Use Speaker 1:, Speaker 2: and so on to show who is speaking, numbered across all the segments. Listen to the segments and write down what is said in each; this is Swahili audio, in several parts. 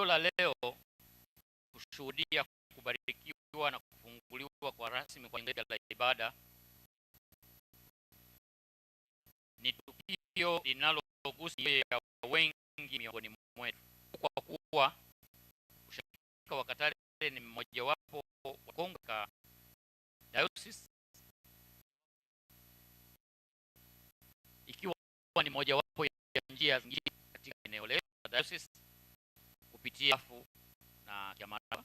Speaker 1: Tukio la leo kushuhudia kubarikiwa na kufunguliwa kwa rasmi kwa jengo la ibada ni tukio linalogusa ya wengi miongoni mwetu, kwa kuwa ushirika wa Katare ni mmojawapo wa konga dayosisi, ikiwa ni mojawapo ya njia zingine katika eneo letu la dayosisi kupitia afu na kiamara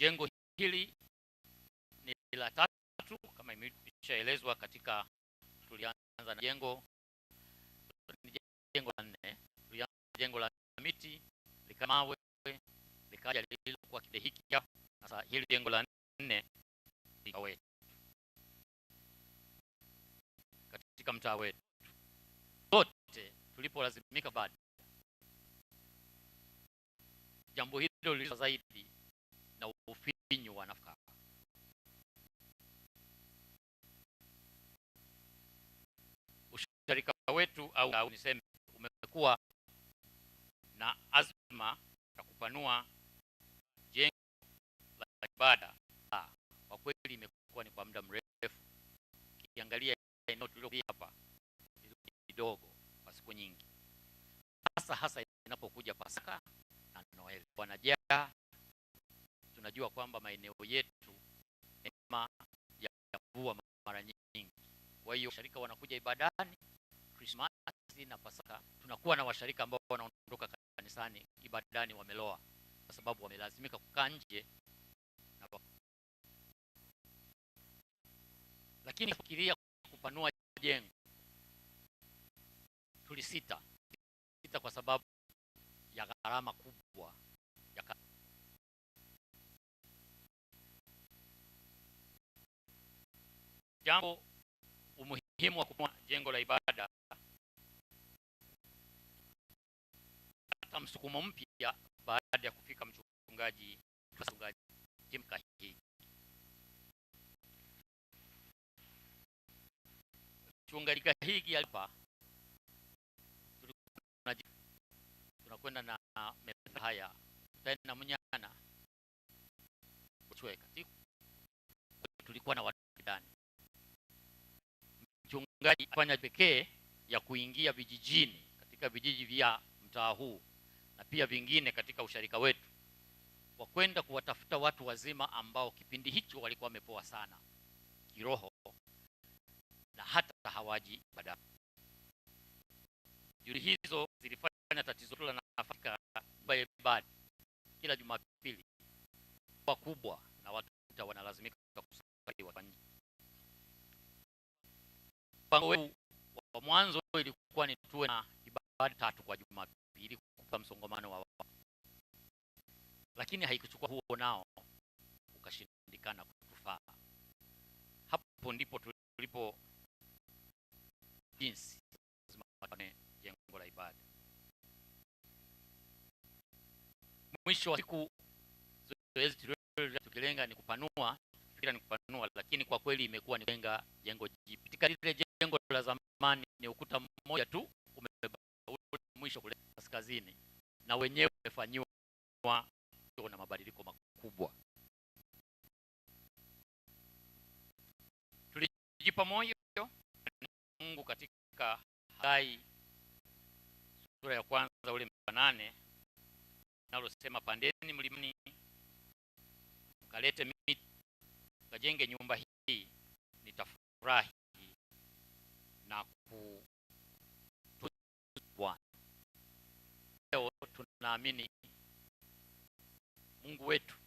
Speaker 1: jengo hili ni la tatu kama imeshaelezwa katika, tulianza na jengo jengo la nne, tulianza jengo la miti likamawe, likaja lililokuwa kile hiki hapa. Sasa hili jengo la nne likawe katika mtaa wetu tulipolazimika bado jambo hilo lilizwa zaidi na ufinyu wa nafaka. Ushirika wetu au, au niseme umekuwa na azma ya kupanua jengo la ibada. Kwa kweli imekuwa ni kwa muda mrefu, ukiangalia eneo tulio hapa ni kidogo siku nyingi, hasa hasa inapokuja Pasaka na Noeli. Wanajaa, tunajua kwamba maeneo yetu ema ya mvua mara nyingi. Kwa hiyo washarika wanakuja ibadani Krismasi na Pasaka, tunakuwa na washarika ambao wanaondoka kanisani ibadani wameloa, kwa sababu wamelazimika kukaa nje lakini fikiria kupanua jengo tulisita sita kwa sababu ya gharama kubwa ya ka... jambo umuhimu wa kuwa jengo la ibada hata msukumo mpya baada ya kufika mchungaji mchungaji Jim Kahigi. Mchungaji Kahigi alipa kwenda na haya tena na mnyana kuchweka tulikuwa na watu ndani. Mchungaji fanya pekee ya kuingia vijijini katika vijiji vya mtaa huu na pia vingine katika usharika wetu kwa kwenda kuwatafuta watu wazima ambao kipindi hicho walikuwa wamepoa sana kiroho na hata hawaji badala juri hizo zilifanya tatizo la nafaka baibad kila Jumapili kwa kubwa na watu wanalazimika kusafiri kwa nje. Mpango wetu wa mwanzo ilikuwa ni tuwe na ibada tatu kwa Jumapili ili kupa msongamano wa watu, lakini haikuchukua huo nao ukashindikana kutufaa. Hapo ndipo tulipo jinsi mwisho wa siku zoezi tukilenga ni kupanua, fikira ni kupanua, lakini kwa kweli imekuwa ni kujenga jengo jipya. Katika lile jengo la zamani ni ukuta mmoja tu mwisho kule kaskazini, na wenyewe umefanyiwa na mabadiliko makubwa. Tulijipa moyo Mungu katika Hagai sura ya kwanza ule mstari linalosema pandeni mlimani mkalete miti mkajenge nyumba hii, nitafurahi na kutukuza. Leo tunaamini Mungu wetu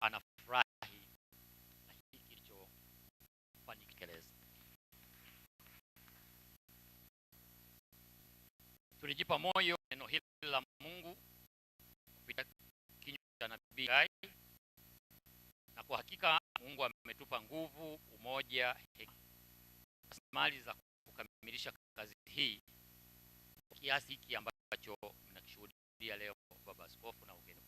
Speaker 1: anafurahi na hiki kilichofanikeleza. Tulijipa moyo neno hili la Mungu kupitia kinywa cha nabii Hagai. Na kwa hakika Mungu ametupa nguvu, umoja, rasilimali za kukamilisha kazi hii kwa kiasi hiki ambacho mnakishuhudia leo, Baba Askofu na ugeni.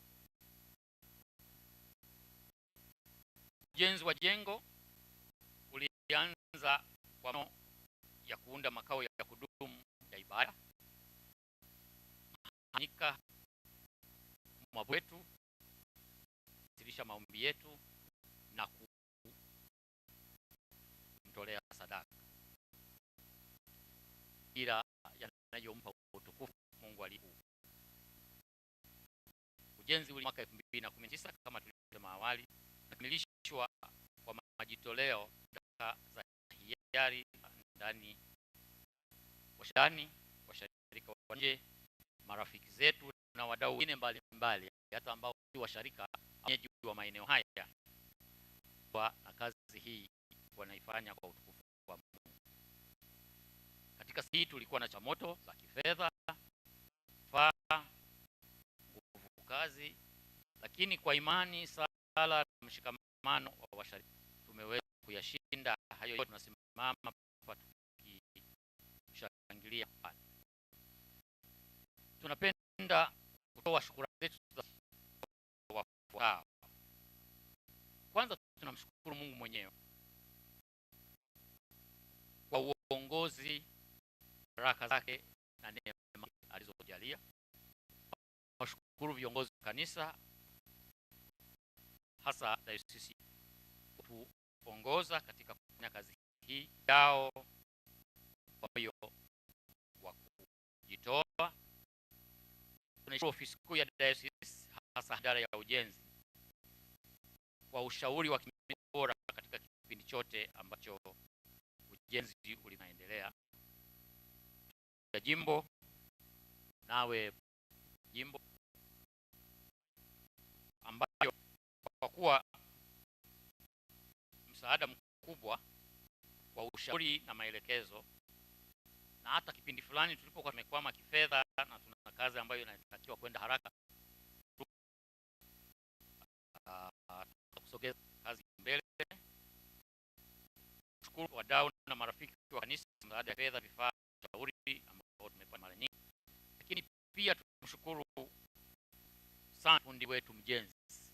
Speaker 1: Ujenzi wa jengo ulianza kwa mno ya kuunda makao ya kudumu ya ibada nika mwa kwetu silisha maombi yetu na kumtolea sadaka, ila yanayompa utukufu Mungu aliu. Ujenzi uli mwaka 2019 kama tulivyosema awali, nakamilishwa kwa majitoleo daka za hiari ndani washani, washirika wa nje, marafiki zetu kuna wadau wengine mbalimbali hata ambao si washarika wenyeji wa maeneo haya kwa kazi hii wanaifanya kwa utukufu wa Mungu. Katika siku hii tulikuwa na changamoto za kifedha, vifaa, nguvu kazi, lakini kwa imani, sala na mshikamano wa washarika tumeweza kuyashinda hayo yote. Tunasimama hapa tukishangilia. Tunapenda kutoa shukurani zetu za wafuatao. Kwanza tunamshukuru Mungu mwenyewe kwa uongozi, baraka zake na neema alizojalia. Washukuru viongozi wa kanisa, hasa dayosisi kutuongoza katika kufanya kazi hii yao tunaishukuru ofisi kuu ya Dayosisi hasa idara ya ujenzi kwa ushauri wa bora katika kipindi chote ambacho ujenzi ulinaendelea. Ya jimbo nawe jimbo ambayo kwa kuwa msaada mkubwa kwa ushauri na maelekezo, na hata kipindi fulani tulipokuwa tumekwama kifedha na tuna kazi ambayo inatakiwa kwenda haraka uh, ah, kusogeza kazi mbele. Shukuru wadau na marafiki wa kanisa msaada ya fedha, vifaa, ushauri ambao tumepata mara nyingi, lakini pia tumshukuru sana fundi wetu mjenzi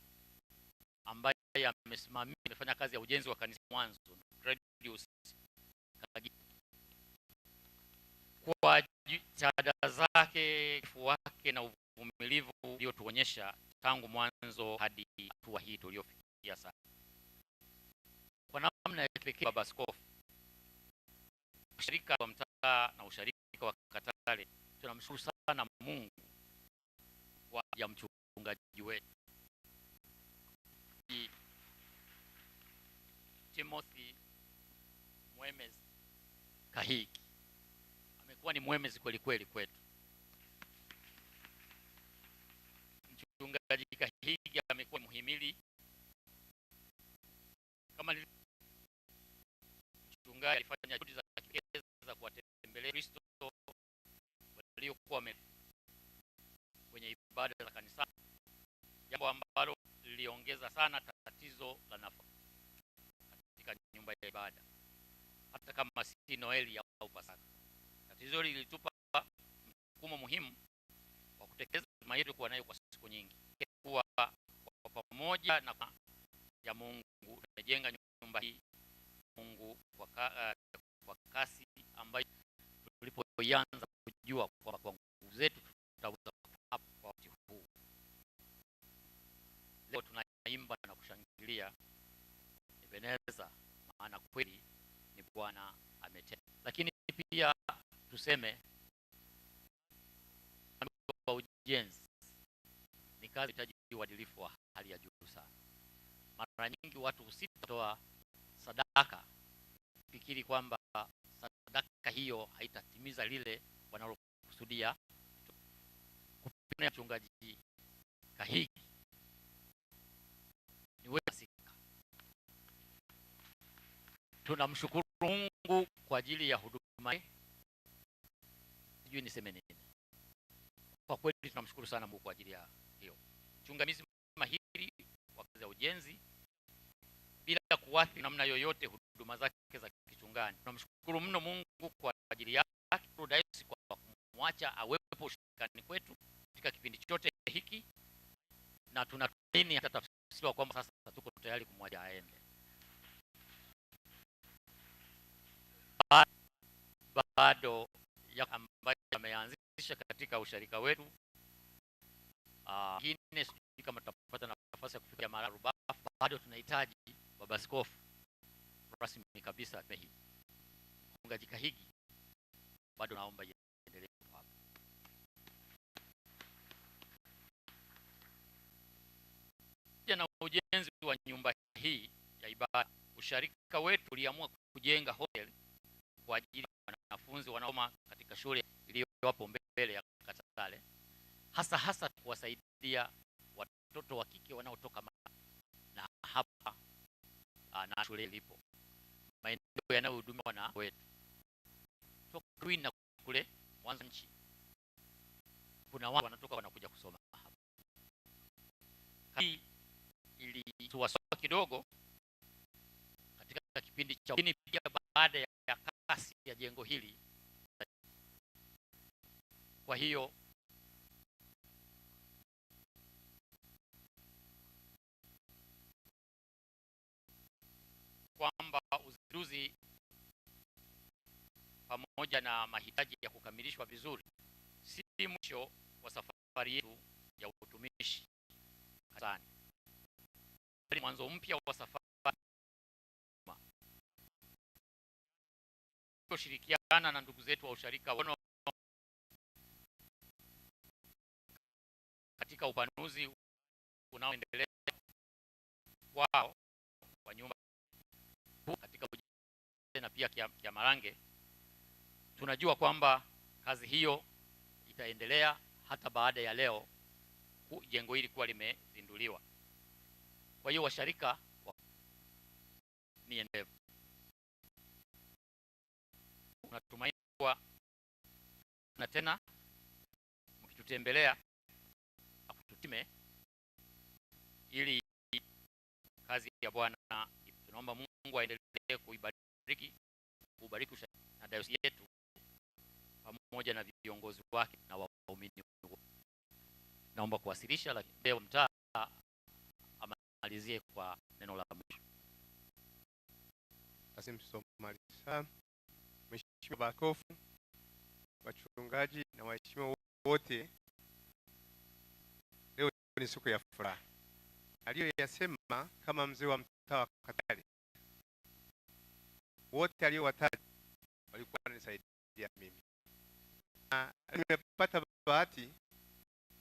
Speaker 1: ambaye amesimamia amefanya kazi ya ujenzi wa kanisa mwanzo kwa jitihada zake, ufu wake na uvumilivu uliotuonyesha tangu mwanzo hadi hatua hii tuliofikia sasa. Kwa namna ya kipekee, Baba Askofu, usharika wa mtaa na usharika wa Katare, tunamshukuru sana Mungu kwa ya mchungaji wetu Timothy Mwemezi Kahiki alikuwa ni mwemezi kweli kweli kwetu. Mchungaji Kahiga amekuwa muhimili kama mchungaji, alifanya juhudi za za kuwatembelea Kristo waliokuwa kwenye ibada za kanisa, jambo ambalo liliongeza sana tatizo la nafasi katika nyumba ya ibada, hata kama si Noeli au Pasaka. Tatizo hili lilitupa msukumo muhimu wa kutekeleza azma yetu kuwa nayo kwa siku nyingi, kuwa kwa pamoja na kwa ya Mungu tumejenga nyumba hii Mungu kwa, uh, kwa kasi ambayo tulipoianza kujua kwa, kwa nguvu zetu tutaweza hapo. kwa wakati huu. Leo tunaimba na kushangilia Ebeneza, maana kweli ni Bwana ametenda, lakini pia tuseme wa ujenzi ni kazi inahitaji uadilifu wa hali ya juu sana. Mara nyingi watu husitoa sadaka fikiri kwamba sadaka hiyo haitatimiza lile wanalokusudia. Mchungaji Kahigi ni wewe sika, tunamshukuru Mungu kwa ajili ya huduma sijui niseme nini. Kwa kweli tunamshukuru sana Mungu kwa ajili ya hiyo. chungamizi mahiri wa kazi ya ujenzi, bila kuathiri namna yoyote huduma zake za kichungani. Tunamshukuru mno Mungu kwa ajili yake Prodaisi kwa kumwacha awepo ushirikani kwetu katika kipindi chote hiki, na tunatumaini atatafsiriwa kwamba sasa tuko tayari kumwacha aende. Bado kushirikisha katika usharika wetu. Ingine ah, sijui kama tutapata nafasi ya kufikia mara Rubafu, bado tunahitaji baba skofu rasmi kabisa hii ungajika higi bado naomba iendelee hapa. Na ujenzi wa nyumba hii ya ibada, usharika wetu uliamua kujenga hotel kwa ajili ya wanafunzi wanaoma katika shule iliyowapo mbele mbele ya Katasale, hasa hasa kuwasaidia watoto wa kike wanaotoka na hapa ah, na shule ilipo maeneo yanayohudumiwa na wetu toka na kule Mwanza nchi, kuna watu wanatoka wanakuja kusoma hapa. Hii ilisuasua kidogo katika kipindi cha pia, baada ya kasi ya jengo hili kwa hiyo kwamba uzinduzi pamoja na mahitaji ya kukamilishwa vizuri si mwisho wa safari yetu ya utumishi kanisani, bali mwanzo mpya wa safari kushirikiana na ndugu zetu wa usharika katika upanuzi unaoendelea wao wa nyumba katika Bujare na pia Kyamarange, tunajua kwamba kazi hiyo itaendelea hata baada ya leo jengo hili kuwa limezinduliwa. Kwa hiyo washarika ni endelevu, natumaini kuwa na tena mkitutembelea mtume ili kazi ya Bwana. Tunaomba Mungu aendelee kuibariki kubariki na dayosisi yetu pamoja na viongozi wake na waumini wake. Naomba kuwasilisha, lakini leo mtaa amalizie kwa neno la mwisho.
Speaker 2: Asim Somali Mheshimiwa wachungaji na waheshimiwa wote ni siku ya furaha aliyoyasema kama mzee wa mtaa wa Katale. Wote aliyowataja walikuwa wananisaidia mimi, na nimepata bahati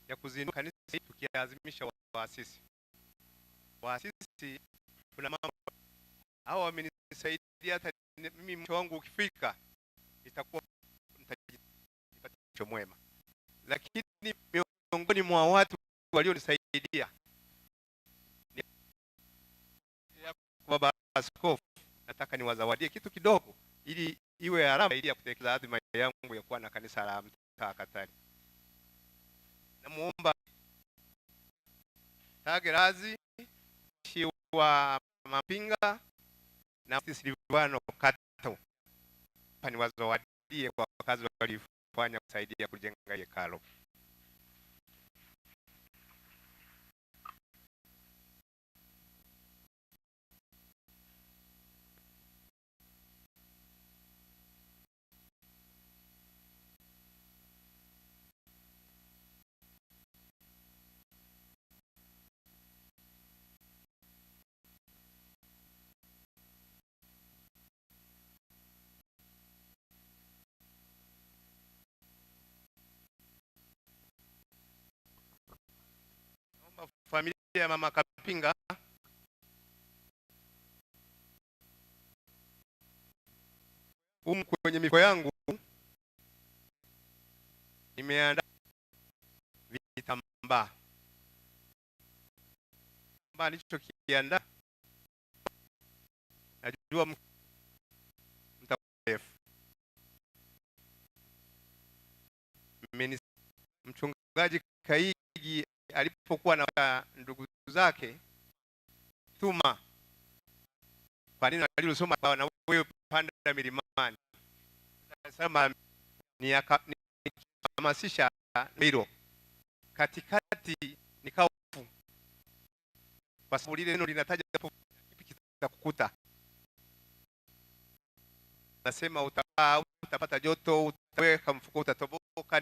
Speaker 2: ya kuzindua kanisa hili tukiazimisha waasisi. Waasisi kuna mambo hao wamenisaidia, hata mimi mwisho wangu ukifika itakuwa nitajipatia mwema, lakini miongoni mwa watu walionisaidia Baba Askofu, nataka niwazawadie kitu kidogo, ili iwe alama ya kutekeleza adhima yangu ya kuwa na kanisa la mtaa Katari. Namuomba Tagerazi Shiwa Mapinga na Silvano Kato paniwazawadie kwa kazi walifanya kusaidia kujenga hekalu. ya Mama Kapinga um kwenye miko yangu nimeandaa vitambaa alichokiandaa najua mrefu mchungaji Kaigi alipokuwa na ndugu zake Thuma, kwa nini alilosoma na wewe panda milimani sema nikahamasisha hilo katikati, nikawa hofu, kwa sababu lile neno linataja kukuta nasema utabaa, utapata joto, utaweka mfuko, utatoboka,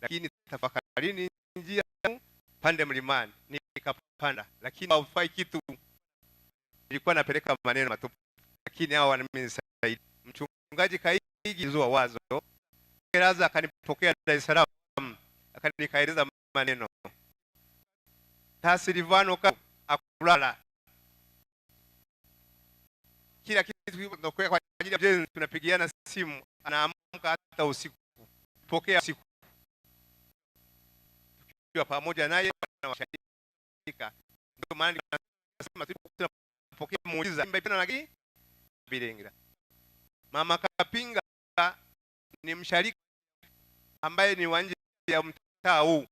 Speaker 2: lakini tafakarini njia yangu pande mlimani, nikapanda, lakini haufai kitu. Nilikuwa napeleka maneno matupu, lakini hao wananisaidia. Mchungaji Kaigi zua wazo Kiraza akanipokea Dar es Salaam, akanikaeleza maneno tasilivano ka akulala kila kitu kwa ajili ya ujenzi, tunapigiana simu, anaamka hata usiku, pokea usiku pamoja naye na washirika. Ndio maana tunasema tunapokea muujiza Bilengira. Mama Kapinga ni msharika ambaye ni wa nje ya mtaa huu,